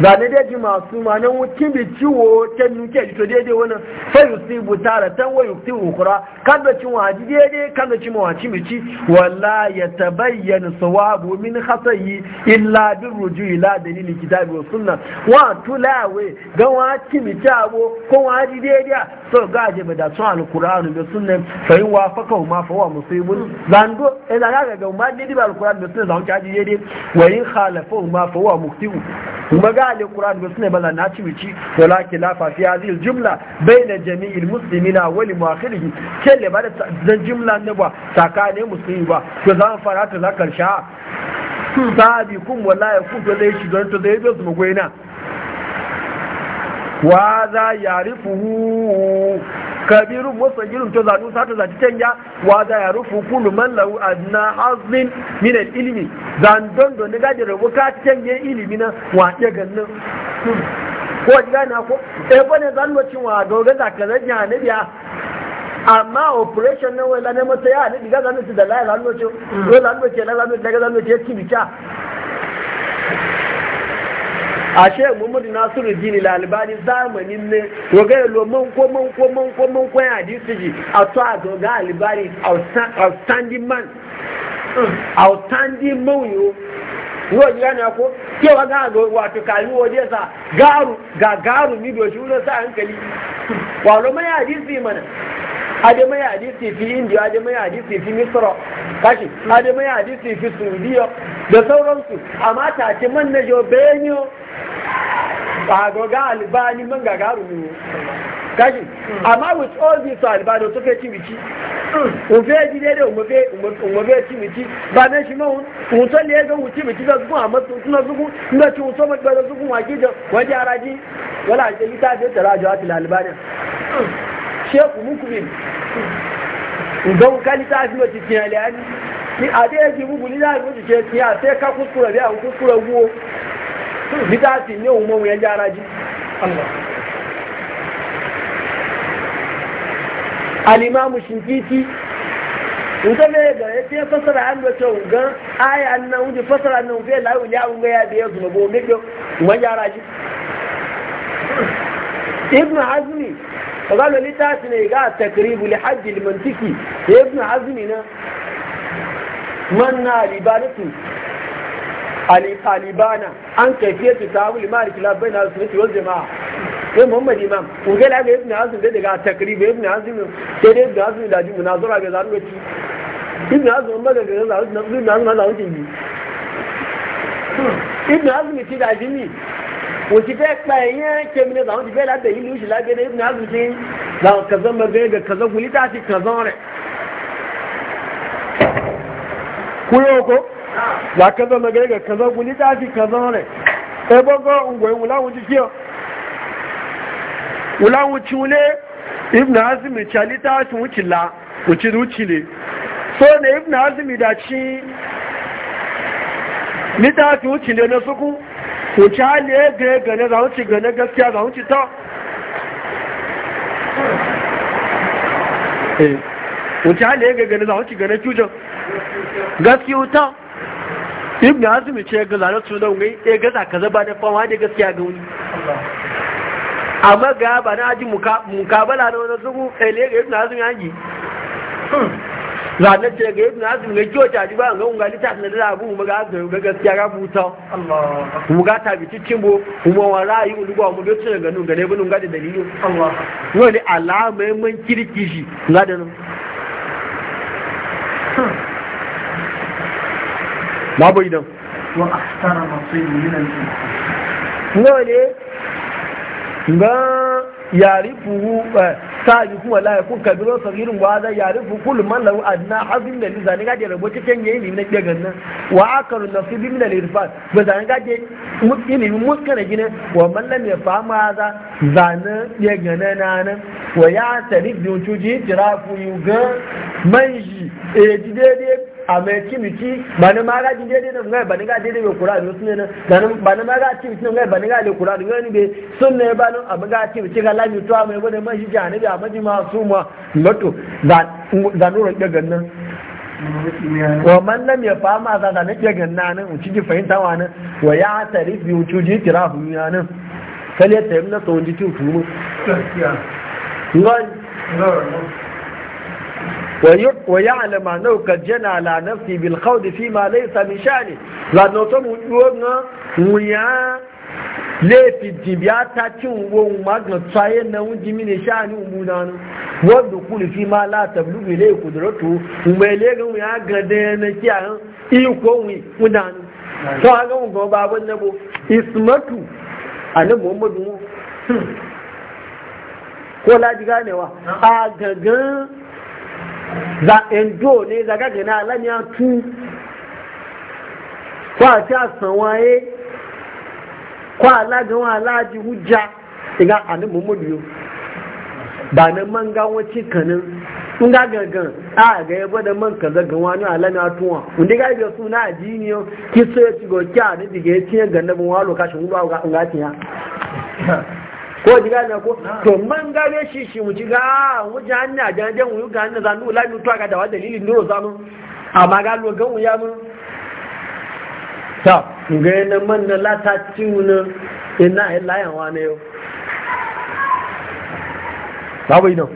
zane da ji masu wani wukin bi ciwo ta nuke ji to daidai wani sai yi si buta da tan wai yi si wukura kan da cin waji daidai kan da cin waci bi ci wala ya tabayyana sawabu min hasayi illa bin ruju ila dalilin kitabi wa sunna wa tulawe ga waci bi ci abo ko waji daidai so gaje ba da sun alkur'anu bi sunna fa'in wa wafakahu ma fa huwa musibun zando e da ga ga ma dai ba da sunna zan kaji wa in khalafahu ma fa huwa muktiu kuma ga alquran da sunna bala na ci wala khilafa fi hadhihi aljumla baina jami'i almuslimina wa li muakhirihi kelle ba da jumla ne ba tsakanin musulmi ba to zan farata ta zakarsha sabi kun wala ya kuto zai shiga don to zai zo su magwai wa za ya kabirun musajirun to zanu sata zati canja wa da ya rufu kullu man lahu adna hazmin min al-ilmi zan don don ga da rubu ka canje ilimi na wa ke gannin ko ji gana ko e eh, bane zan wacin wa doga da kaza janabiya amma operation na wala ne mata ya ne diga zan ci da lai zan wacin mm. ko zan wacin la zan daga zan wacin ci bica a she muhammadu nasiru dini lalibani zamanin ne to ga yalo man ko man ko man ko man ko ya hadisi a to a ga alibani outstanding man outstanding man yo yóò yíra ní ọkọ́ tí ó wá ga wàtò kàlú ojú ẹ̀sà gáàrù níbi òṣù ló sáà ń kẹ́lí wà ló mẹ́yà àdísì mọ̀nà adémẹ́yà àdísì fi india adémẹ́yà àdísì fi mísọ̀rọ̀ káṣí adémẹ́yà àdísì fi sùúdíọ̀ da sauransu amma tace man na jo bẹ́ẹ̀ ni ba ga albani man gagaru ne kashi amma with all this albani to kai cimici un fe ji dai da umafe umafe cimici ba na shi ma o, to ne ga wuci mici da zuwa amma tun na zuku na ci un so ma da zuku wa ki da waje araji wala ce ita ce tara jawatul albani sheku mukmin don kali ta fi mace tiyali ani ni a da yake mugu ni za a mace sai ka kuskura biya kuskura guwo bid'a ne umman ya jara ji Allah al-imam shinkiti wuta ne ga ya ce fasara an da ce ga aya an nan wuce fasara an nan wuce la wuli an ga ya da ya zuba bo me ko umman jara ji ibn azmi kaga littafi ne ga takribu li hajji al-mantiki ibn azmi na manna libadatu alibana an kaifiye tawul ma sunnati wal jama'a sai muhammad imam ibn azim da daga takrib ibn azim dai azim da jimu nazara ga zanu ci ibn azim ma ga ga zanu na ibn azim na zanu ci ibn azim ti da jimi o ti pa ti ibn azim ti ga ti ya kaza na gaiga kaza guli dafi kaza ne e bogo ngwe wula wuji kiyo wula wuci ibn azmi chalita tun wuci la wuci wuci ne. so ne ibn azmi da ci lita tun wuci ne na suku wuci hali gane gane za wuci gane gaskiya za wuci ta eh, wuci hali gane gane za wuci gane cujan gaskiya ta ibn hazmi ce ga zane su da wani ya eh, gaza ka zaba da fama da gaskiya ga wani amma ga ba na aji mukabala na wani zubu ele eh, ga ibn hazmi hangi zane ce ga ibn hazmi ga kiwo ta ji ba ga ungali ta na da abu mu ga ga gaskiya ga buta mu ga ta bi cikin bo kuma wa rayi ulugwa mu da tun ga nun ga ne bunun ga da dalili Allah wani alama mun kirki shi ga da nan ma bai dan wa aksara matsayi min al-insan ne ga yarifuhu eh, sabi kuma la yakun kabiro sagirin wa za yarifu kul man lahu adna hazin da lizani ga da rabo cikin yayi ne na daga nan wa akaru nasibi min al-irfan ba zan ga je mutili muskana gina wa man lam fama za zana daga nan nan wa ya tarif bi wujuji tirafu yuga manji e eh, daidai. a mai kimiti ba na ma jin daidai na ngai ba ni ga daidai mai kura da sunne ne na ba na ga kimiti na ngai ba ni ga le kura da ne bai sun ne ba nan abu ga kimiti ga lami tuwa mai gudun mai shi jani ga maji ma mato ga da nuru ga gannan wa man lam ya fama za ta nake ganna nan u ji fahimta wa nan wa ya tarifi uci ji tirafu ya nan kale ta yi na tsohon jikin tumu ngai ويعلم أنه قد جنى على نفسه بالخوض فيما ليس من شأنه لأنه تم يقولنا ويا laifin jibiya ta cin wani magna tsayen na wun jimi ne sha'ani umuna nan wanda kuli fi ma la tablu bi lai kudratu mai legan ya ga da na kiyayen iko wi mudanu to a ga mun babun nabo ko a gagan za endo ne za gaga na alamiya tu kwa ti asan waye kwa alaga wa alaji hujja iga ani muhammadu yo ba na man ga wace kanin ga gangan a ga yabo da man kaza ga wani alamiya tuwa inda ga ga suna addini yo ki so ya ci go kya ni diga ya ci ga na bin walo kashin ruwa ga ngatiya ko ji gane ko to man gane shi shi mu ji ga mu ji hanya janjan mu ga hanya zanu la mu tuwa ga da dalilin duro zamu amma ga lo gan ya mu ta ga yana man na lata tiuna ina ila yan wa ne yo babu ino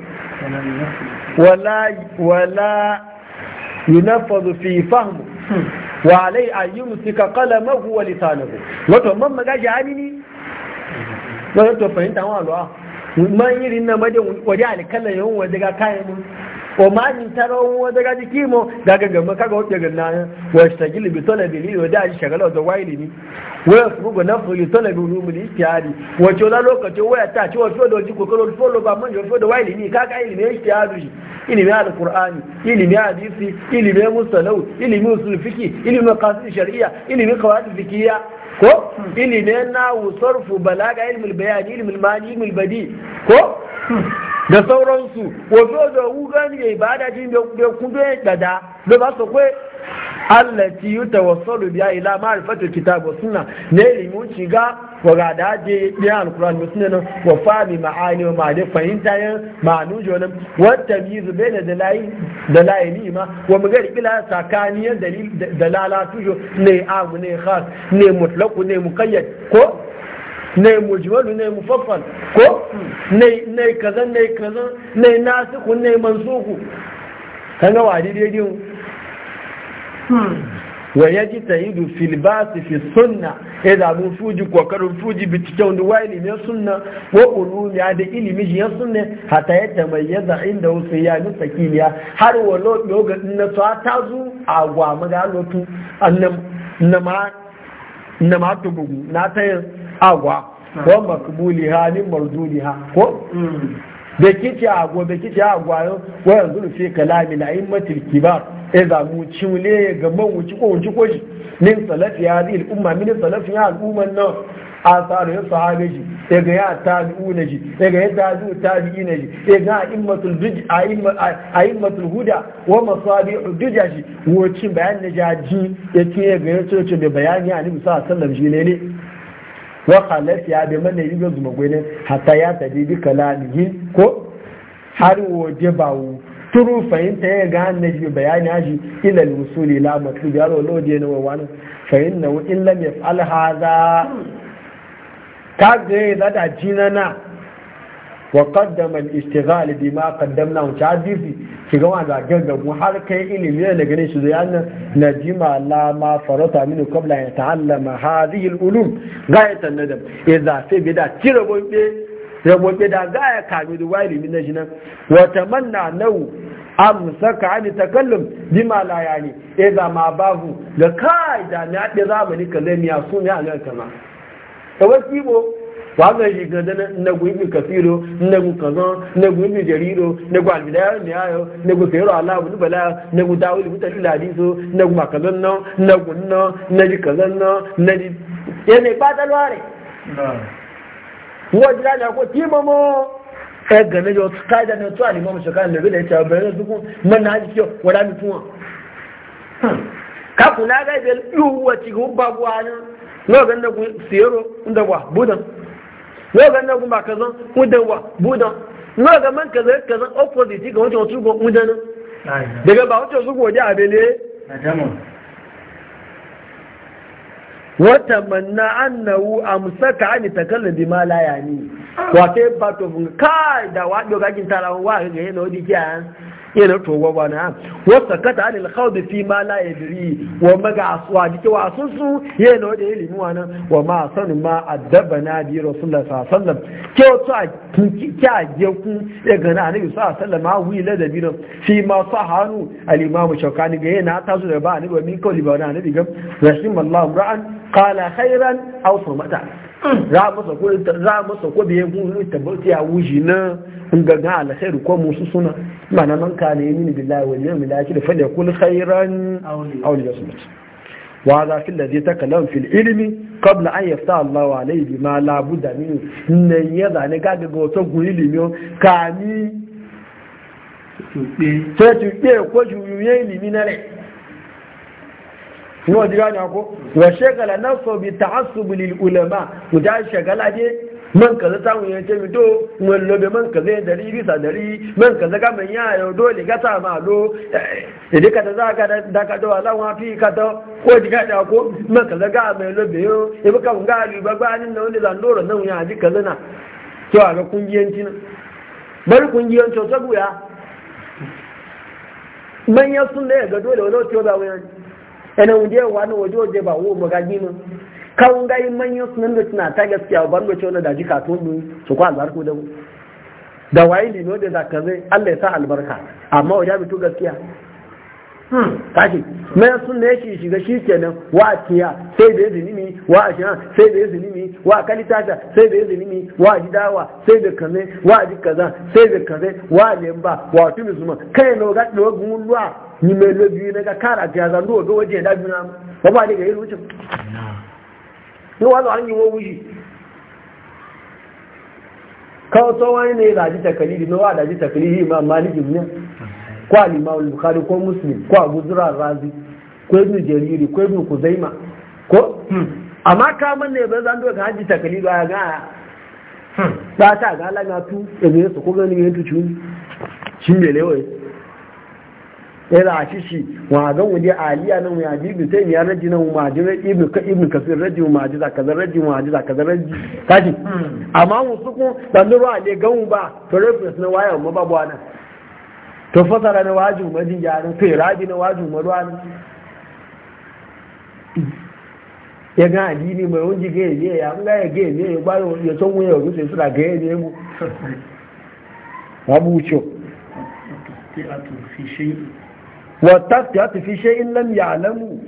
wala wala yunafadu fi fahmu hmm. wa alai ayyumsika qalamahu wa lisanahu wato man magaji amini wani to fahimta wa alwa man yiri na madan waje alkalla yawan waje ga kayan mun o ma ni taro waje ga jiki mo daga gamba kaga wace ga na wa shtagil bi talabi li waje aji shagala da waili ni wa fugo na fugo talabi ulumul istiyadi wa chola lokacin waya ta ci wa fodo ji kokoro fodo ba mun jo fodo waili ni kaga ilimi istiyadi ilimin alkur'ani ilimin hadisi ilimin musalau ilimin usul fiki ilimin qasid shar'iyya ilimin qawaid fikiyya ko ilimin nahu sarfu balaga ilmin bayani ilmin mani ilmin badi ko da sauransu wato da wugan ya ibada jin da kudo ya dada da ba su kwe allati yutawassalu biya ila ma'rifati kitab wa sunna ne ilimin shiga waga da je ya alquran muslimin wa fami ma'ani wa ma'ani fahimta yan ma'anu jonan wa tamyiz baina dalai dalaili ma wa magar bila sakaniya dalil dalala tujo ne amu ne khas ne mutlaq ne muqayyad ko ne mujmalu ne mufassal ko ne ne kaza ne kaza ne nasikhu ne mansuku kaga wadi dai din wa ya ji ta yi su fi sunna ya zaɓi fuji karin fuji binciken da wani ilimin sunna ko ulumiya da ilimin shi ya sunna hata ya tamayyaza inda wasu ya yi sakiliya har wa lokacin na tsawa ta zu a gwamu ga lokacin na ma tubugu na ta yi agwa Ko makbuli hmm. ha ni marzuli ha ko da kici agwa da kici agwa wa yanzu fi kalami na immatil kibar Eza mu cimule gaban wuci ko wuci ko shi, min salafi ya zai al'umma, min salafi ya al'umma nan a tsaro ya sahabe shi, ya e ga ya tabi'u na shi, ya e ga ya tabi'u tabi'i na shi, ya e ga a yi matul huda wa masabi duja shi, wuci bayan na jaji ya ce ya ga ya coci mai bayani a nufi sa sallam shi ne ne. Wa halafi ya bi mana yi zuma ne, hata ya tabi bi kalamihin ko har wa jibawu turu fahimta ya ga na ji bayani haji ilal musuli la matlu ya ro lodi ne wa wani fahimna wa illa mai fa'al haza ka ga da da na, wa qaddama al-ishtighal bima qaddamna wa ta'difi kiga wa ga gaggabu har kai ilimi ne gane shi da yana najima la ma farata min qabla ya ta'allama hadhihi al-ulum gayatan nadam idza fi bida cire bi sai da ga ya kame da wayi na jinan Wata tamanna nau amsaka ani takallum bima la yani idza e ma babu da kai da na da zamani kaza miya sun ya ga kama tawasibo waga shi ga dana na gwibi kafiro na gu kazo na gwibi jariro na gu albidaya ne ayo na gu sayro ala bu bala na gu dawul ladi so, na gu makazon no na gu no na ji kazon no na ji yana ba talware wọ́n jẹ́ láti àkó tí mọ́mọ́ ẹgbẹ̀ mẹ́jọ káìdá ní ọtọ́ àlè mọ́mọ́ ṣọ̀ká ìlú ìlẹ̀ ìtàwọn bẹ̀rẹ̀ lọ́sùnkún mọ́nà ájì tí wọ́n fún wọn. kakùn náà gáìbẹ̀ yíwọ́ ti kò bá bu àánú lọ́ọ̀gẹ́ ndẹ́gun sèrò ndẹ́wà búdàn lọ́ọ̀gẹ́ ndẹ́gun bá kazan ndẹ́wà búdàn lọ́ọ̀gẹ́ mọ́n kazan kazan opposite kan wọ́n ti wọ́n tún wata manna annahu amsaka ani takallu bima la yani wa kai bato kai da wado gagin talawan wa ga yana wadi kiyan yana towa wani wasa kata anil khawdi fi ma la yadri wa maga aswa dike wa sunsu yana wada ilimi wani wa ma sanu ma addabana bi rasulullah sallallahu alaihi wasallam ke to a kya je ku ya gana annabi sallallahu alaihi ma wi la da bi fi ma sahanu al imam shaukani ga yana ta da ba a annabi min kawli ba annabi ga rahimallahu ra'an qala khairan aw famata za a masa za ya sako biye mu tabbata ya wuji na gaga alkhairu ko musu suna mana ka kana yamin billahi wani wal yawmil da fa yakul khairan aw liyasmut wa za hadha fil ladhi takallam fil ilimi kabla an yafta Allahu alayhi bima la budda min nan ya da ne gaga go to gun ilimi ka ni ta tuɓe ko ju yin ilimi na rai nuwa ji gane ko wa shagala nafsa bi ta'assub lil ulama mu ta shagala je man kaza ta mun yace mi to mun lobe man kaza dari bisa dari man kaza ga man ya yo dole ga ta ma lo idan eh, eh, ka za ka da ka do Allah wa fi ka to ko ji ga ko man kaza ga mai lobe yo e ba ka ga ri ba ba nan nan da zandoro nan ya ji kaza na to a ga kungiyanci na bar kungiyanci to guya man ya sunne ga dole wani to da wani yana wunde wani waje waje ba wo magagi mu Kawun ga manyan sunan da suna ta gaskiya ban da cewa da jika to mu su kwa albarku da mu da waye ne lino da zaka zai Allah ya sa albarka amma waje mutu gaskiya hmm, kashi mai sun ne shi shiga shi kenan wa a tiya sai da izini mi wa a shihan sai da izini mi wa a kalitata sai da izini mi wa a jidawa sai da kame wa a ji kaza sai da kaza wa a lemba wa a tumi zuma kai na ga dogon ruwa ni mai lobi na ga kara ta yaza ndo ga waje da biyu na ba ba Ni ga wucin ni wazo an yi wo wuji kawo tsawon ne da ji takalidi na wa da ji takalidi ma maliki ne ko al-imam bukhari ko muslim ko abu razi ko ibn jariri ko ibn kuzaima ko hmm. amma ka man ne ba zan doka haji takalidi ga ga hmm. ba ta ga lagatu da ne su ko gani ne tuci shi ne lewai yana shishi wa ga mu dai aliya nan ya ji bi sai ya raji nan ma ji ibnu ka ibnu raji ma ji za kaza raji ma ji za kaza raji kaji amma mu suku dan ruwa ne ga ba to na waya mu ba nan to fasara na waju ma ji yaran sai raji na waju ma ruwa nan ya ga ne mai wani ga ne ya ga ya ga ne ya ba ya son wuya rufe ga ne mu babu fi ta fi in lam ya'lamu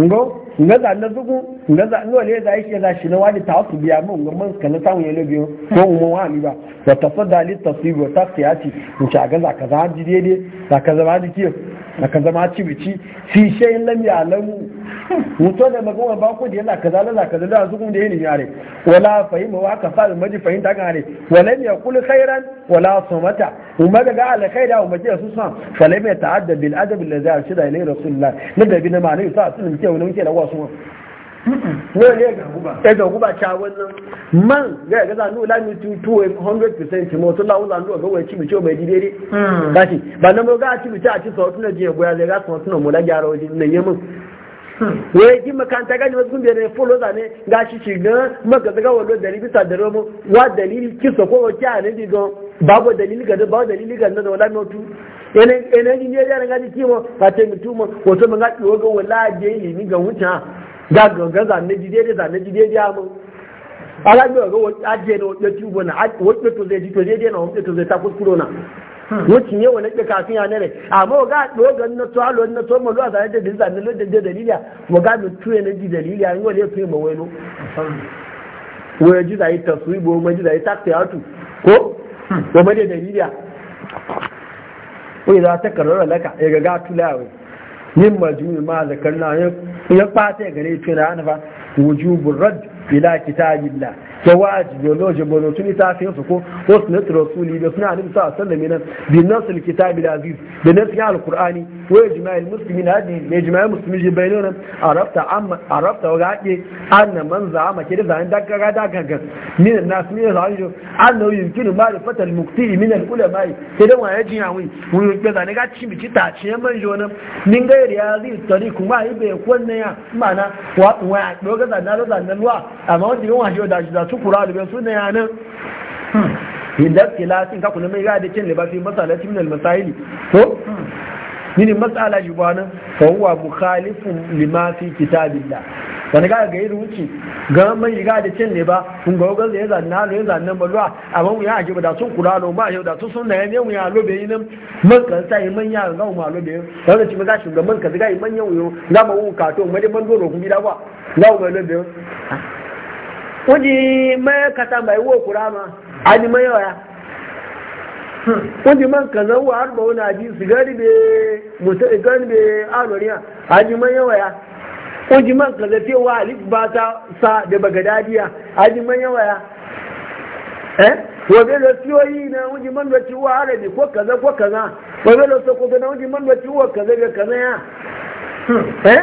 ngo na za zugu nazugu za ngo le za yake za shi na ta tawafu biya mu ngo man kana samu yelo biyo ko mu wa ali ba wa tafadda li tasib wa taqiyati in cha ga za kaza ji dede za kaza ba ji ki za kaza ma ci bici fi shay lam ya lamu mutum da magana ba ku da yana kaza la kaza da su kuma da yin yare wala fahimu wa ka fa maji fahimta ga ne wala ya kul khairan wala sumata umma ga al khaira umma ji su san fala mai ta'adda bil adab alladhi arshida ilayhi rasulullah ne da bin ma ne sa sun ke wani ke da wasu ne ga guba eh ga guba ta wannan man ga ga za nu lami eh, zan ga wai ci mi mai hmm. ba nan ga ci mi ci a ci sautu je boya le ga na mu la gyara waje ne yemin maka ji makanta gani wasu kun biyar fulo zane ga shi shiga maka zaga wallo dalili bisa da romo wa dalili kisa ko wace a nabi gan babu dalili ga babu dalili ga nan wala n'otu. ene ene ni ne yana gaji kimo ka te mutuma wato mun ga kiwo ga wala je ilimi ga wuta ga ga zane ji dai zane ji dai ya mu ala ga ga je na wata to ji to na Mutum yau na ke kafin ya nare amma wa ga dogon na to halon na to mu zuwa zai da dinza na lodin da dalila wa ga mu tuye na ji dalili a? in wale tuye ma wailo wa ji zai taswibo ma ji zai takta hatu ko wa ma da dalila ko idan ta karara laka ya ga ga tulawe yin majumi ma zakarna ya fata gare tuye na hanafa wujubur radd إلى كتاب الله فواجب يلوجب ونوتني تافين فكو وصنة رسولي بصنع عليه صلى الله عليه وسلم بالنص الكتاب العزيز بالنص على يعني القرآن ويجمع المسلمين هذه يجمع المسلمين جبينونا عرفت عم عرفت وقعت أن من زعم كرزا عندك غداك من الناس من الزعيج أنه يمكن معرفة المكتئ من العلماء كده ما أن عوي يعني. ويقول أنا قاعد شيء بيجي تاتشي من جونا من غير هذه الطريق ما يبي يكون نيا ما أنا وات وات لو كذا نلو amma wanda yi washe da shi za su kura da su na yanan hmm. yadda ke latin kakuna mai gada kin da ba fi masala cikin almasahili ko hmm. nini matsala shi ba nan fa huwa mukhalifun lima fi kitabillah wani ga ga yiri wuce ga mai riga da cin ne ba kun ga ga zai zanna ne ya zanna ba ruwa a ban ya aje ba da sun kurano ma yau da sun sunna ne mu ya lobe yin nan man kan sai man ya ga mu lobe wanda ci ga shugaban ka ga man yau yau za mu ka to mai da ban doro kun gida ba za mu lobe wọ́n mẹ́ katamba iwọ kùrámà adìmọ́yọ̀ ya wọ́n ti kaza kànáwó àrùbọ̀ wọn àti sigari bẹ mọ̀tẹ́ ìkan bẹ àrùnìyà adìmọ́yọ̀ ya wọ́n ti mọ́ kànáfẹ́ wa alif ba ta sa da bagadadiya adìmọ́yọ̀ ya eh wa bẹ lọ sí na wọ́n wa arabi ko kaza ko kaza wọ́n bẹ lọ sọ wa kaza bẹ kaza ya hmm. eh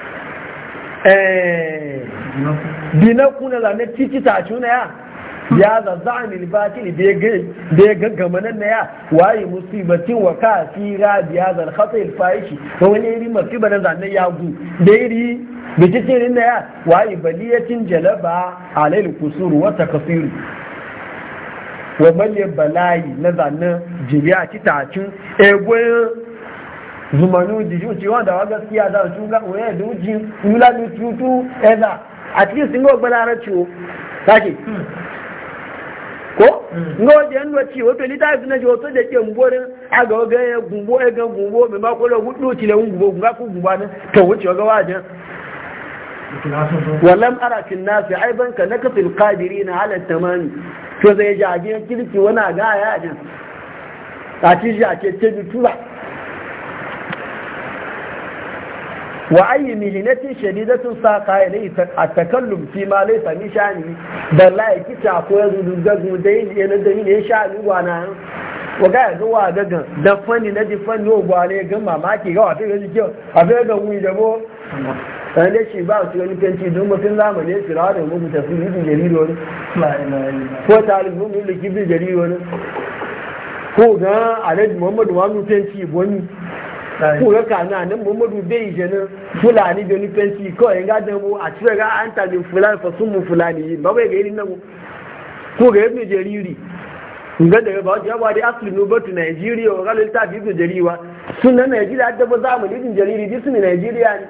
Eh. binaku na zane titi ta na ya ya zazza a milibatil da ya gaggama nan na ya waye musibatin wa ka fi biya zan hasa ta wani iri masiba na zane ya gu da iri da ri na ya waye baliyacin jalaba alayil kusuru wata kasiru wa balle bala'i na zane jiriya ci tacin egoyin zumanu jiju ci wanda wa gaskiya da ju ga oye da ji yula ni tutu eza at least ngo gbalara o, saki hmm. ko hmm. ngo je nwa ci wato ni tafi na o, to de ke mbore a ga ya gumbo e ga e gumbo me ma ko lo gudu ci le ngumbo ga ku gumba ne to wuce ga waje walam ara fil nas aiban ka nakfil qadirin ala tamani to zai jage kirki wani ga ya ajin a ci shi a ce ce bi tura wa ayi mihinatin shadidatun sa ka ilai a takallum fi ma laisa min shani da lai kita ko yanzu dugagu da yin yana da yin sha ni gwana wa ga yanzu wa daga da fanni na di fanni o gwane ga mamaki ga wa fiye ga jikin a fiye ga wuyi da bo dan da shi ba su wani fenti don mutum zamani su rawa da mutum tafi yi jariri wani ko talibin mulki bin jariri wani ko ga alhaji muhammadu wani fenti wani kúrò kàánú àná mọ́mọ́dù bẹ́ ìṣẹ̀nà fúlàní bí onífẹ́ǹsì ikọ̀ ẹ̀ńgá dánwò àti ẹ̀ka àǹtàlẹ̀ fúlàní fọ̀súnmù fúlàní yìí lọ́wọ́ ẹ̀gẹ́ ní náwó kúrò ẹ̀ méje rírì nǹkan daga ba wajen wadi asli no batu Najeriya wa galil ta fi ibn jariwa na Najeriya da ba zamu ne ibn jariri bi sunan Najeriya ne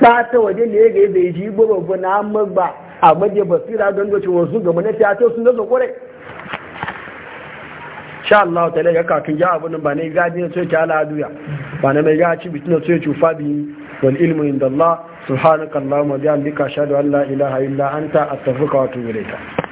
ba ta waje ne ga bai ji gobe na amma ba a maje basira don gaci wasu ga mana ta to sun da kore sha Allah ta laga kakin ya abu ba ne gadi ne soke ala aduya ba na mai gaci bitin da soke cufa biyi wal ilmu inda Allah subhanaka Allahumma bihamdika ashhadu an la ilaha illa anta astaghfiruka wa atubu ilayka